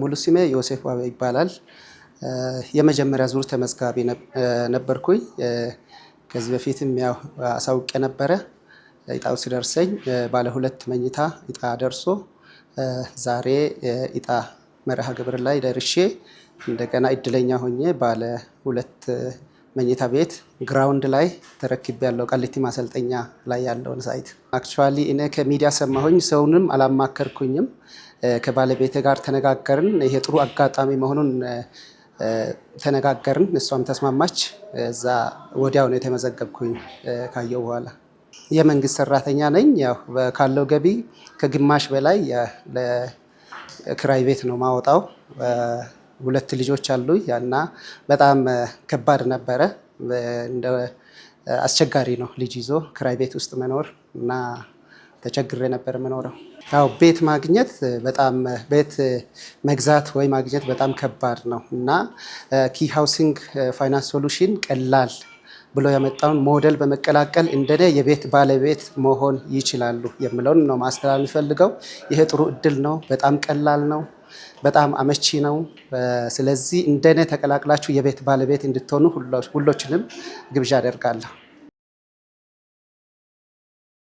ሙሉ ስሜ ዮሴፍ ዋበ ይባላል። የመጀመሪያ ዙር ተመዝጋቢ ነበርኩኝ። ከዚህ በፊትም ያው አሳውቄ ነበረ። እጣው ሲደርሰኝ ባለ ሁለት መኝታ እጣ ደርሶ ዛሬ እጣ መርሃ ግብር ላይ ደርሼ እንደገና እድለኛ ሆኜ ባለ ሁለት መኝታ ቤት ግራውንድ ላይ ተረክብ ያለው ቃሊቲ ማሰልጠኛ ላይ ያለውን ሳይት አክቹዋሊ እኔ ከሚዲያ ሰማሁኝ። ሰውንም አላማከርኩኝም። ከባለቤት ጋር ተነጋገርን። ይሄ ጥሩ አጋጣሚ መሆኑን ተነጋገርን። እሷም ተስማማች። እዛ ወዲያው ነው የተመዘገብኩኝ ካየው በኋላ የመንግስት ሰራተኛ ነኝ። ያው ካለው ገቢ ከግማሽ በላይ ለክራይ ቤት ነው ማወጣው። ሁለት ልጆች አሉ እና በጣም ከባድ ነበረ። እንደ አስቸጋሪ ነው ልጅ ይዞ ክራይ ቤት ውስጥ መኖር እና ተቸግሬ ነበር የምኖረው። ያው ቤት ማግኘት በጣም ቤት መግዛት ወይ ማግኘት በጣም ከባድ ነው እና ኪ ሃውሲንግ ፋይናንስ ሶሉሽን ቀላል ብሎ ያመጣውን ሞዴል በመቀላቀል እንደኔ የቤት ባለቤት መሆን ይችላሉ የምለውን ነው ማስተላለፍ ፈልገው። ይሄ ጥሩ እድል ነው። በጣም ቀላል ነው። በጣም አመቺ ነው። ስለዚህ እንደኔ ተቀላቅላችሁ የቤት ባለቤት እንድትሆኑ ሁሎችንም ግብዣ አደርጋለሁ።